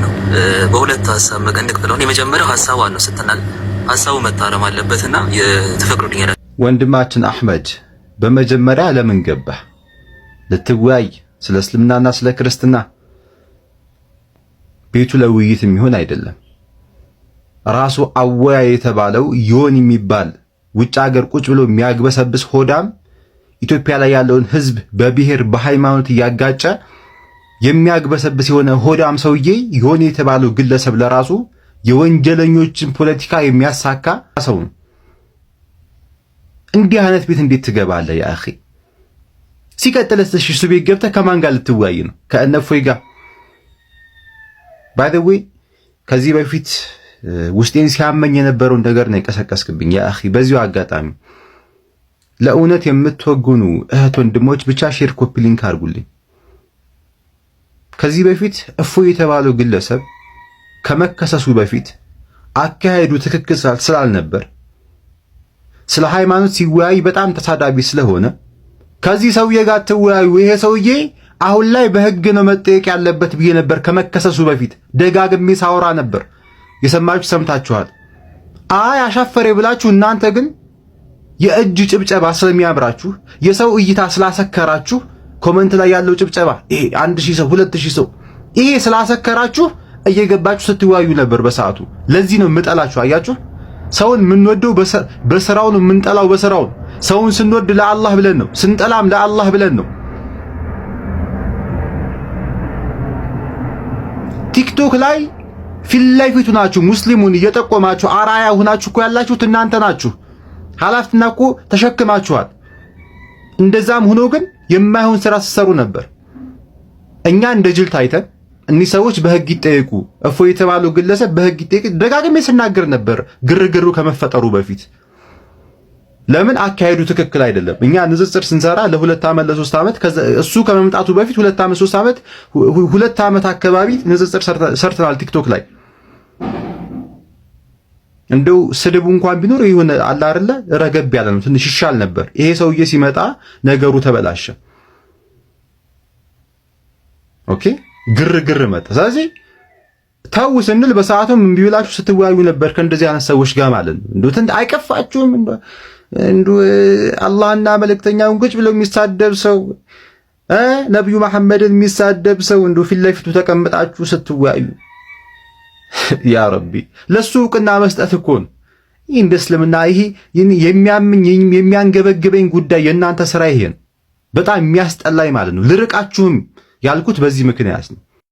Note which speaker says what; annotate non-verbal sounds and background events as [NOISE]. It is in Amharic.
Speaker 1: ነው በሁለት ሀሳብ መቀንደቅ ብለውን የመጀመሪያው ሀሳቡ ነው ስትናል ሀሳቡ መታረም አለበትና የተፈቅዶልኛል።
Speaker 2: ወንድማችን አህመድ በመጀመሪያ ለምን ገባ ልትወያይ? ስለ እስልምናና ስለ ክርስትና ቤቱ ለውይይት የሚሆን አይደለም። ራሱ አወያይ የተባለው ዮን የሚባል ውጭ ሀገር ቁጭ ብሎ የሚያግበሰብስ ሆዳም ኢትዮጵያ ላይ ያለውን ሕዝብ በብሔር በሃይማኖት እያጋጨ የሚያግበሰብስ የሆነ ሆዳም ሰውዬ ይሆን የተባለው ግለሰብ ለራሱ የወንጀለኞችን ፖለቲካ የሚያሳካ ሰው ነው። እንዲህ አይነት ቤት እንዴት ትገባለህ? ያ አኺ ሲቀጥለስ እሱ ቤት ገብተህ ከማን ጋር ልትወያይ ነው? ከእነፎይ ጋር ባይ ዘ ዌይ ከዚህ በፊት ውስጤን ሲያመኝ የነበረውን ነገር ነው የቀሰቀስክብኝ። ያ አኺ በዚሁ አጋጣሚ ለእውነት የምትወግኑ እህት ወንድሞች ብቻ ሼር ኮፒ ሊንክ አድርጉልኝ። ከዚህ በፊት እፎ የተባለው ግለሰብ ከመከሰሱ በፊት አካሄዱ ትክክል ስላልነበር ስለ ሃይማኖት ሲወያይ በጣም ተሳዳቢ ስለሆነ ከዚህ ሰውዬ ጋር ትወያዩ፣ ይሄ ሰውዬ አሁን ላይ በህግ ነው መጠየቅ ያለበት ብዬ ነበር። ከመከሰሱ በፊት ደጋግሜ ሳወራ ነበር። የሰማችሁ ሰምታችኋል። አይ አሻፈሬ ብላችሁ እናንተ ግን የእጅ ጭብጨባ ስለሚያምራችሁ የሰው እይታ ስላሰከራችሁ ኮመንት ላይ ያለው ጭብጨባ ይሄ አንድ ሺህ ሰው ሁለት ሺህ ሰው ይሄ ስላሰከራችሁ እየገባችሁ ስትወያዩ ነበር በሰዓቱ። ለዚህ ነው የምጠላችሁ። አያችሁ፣ ሰውን የምንወደው በስራው ነው፣ የምንጠላው በስራው። ሰውን ስንወድ ለአላህ ብለን ነው፣ ስንጠላም ለአላህ ብለን ነው። ቲክቶክ ላይ ፊት ለፊቱ ናችሁ፣ ሙስሊሙን እየጠቆማችሁ አራያ ሁናችሁ እኮ ያላችሁት እናንተ ናችሁ። ኃላፊነትና እኮ ተሸክማችኋል። እንደዛም ሆኖ ግን የማይሆን ስራ ሲሰሩ ነበር። እኛ እንደ ጅል ታይተን እኒህ ሰዎች በህግ ይጠየቁ፣ እፎ የተባለው ግለሰብ በህግ ይጠየቅ ደጋግሜ ስናገር ነበር፣ ግርግሩ ከመፈጠሩ በፊት ለምን አካሄዱ ትክክል አይደለም። እኛ ንጽጽር ስንሰራ ለሁለት ዓመት ለሶስት ዓመት እሱ ከመምጣቱ በፊት ሁለት ዓመት ሶስት ዓመት ሁለት ዓመት አካባቢ ንጽጽር ሰርተናል ቲክቶክ ላይ እንደው ስድቡ እንኳን ቢኖር ይሁን አለ አይደለ ረገብ ያለ ነው። ትንሽ ይሻል ነበር። ይሄ ሰውዬ ሲመጣ ነገሩ ተበላሸ። ኦኬ ግር ግር መጣ። ስለዚህ ተው ስንል በሰዓቱም እምቢ ብላችሁ ስትወያዩ ነበር ከእንደዚህ አይነት ሰዎች ጋር ማለት ነው። እንዶ ትንት አይቀፋችሁም? እንዶ አላህና መልእክተኛውን ቁጭ ብለው የሚሳደብ ሰው ነብዩ መሐመድን የሚሳደብ ሰው እንደው ፊት ለፊቱ ተቀምጣችሁ ስትወያዩ [LAUGHS] ያ ረቢ ለሱ እውቅና መስጠት እኮ ነው። ይህ እንደ እስልምና ይሄ የሚያምኝ የሚያንገበግበኝ ጉዳይ የእናንተ ስራ ይሄ ነው። በጣም የሚያስጠላኝ ማለት ነው። ልርቃችሁም ያልኩት በዚህ ምክንያት ነው።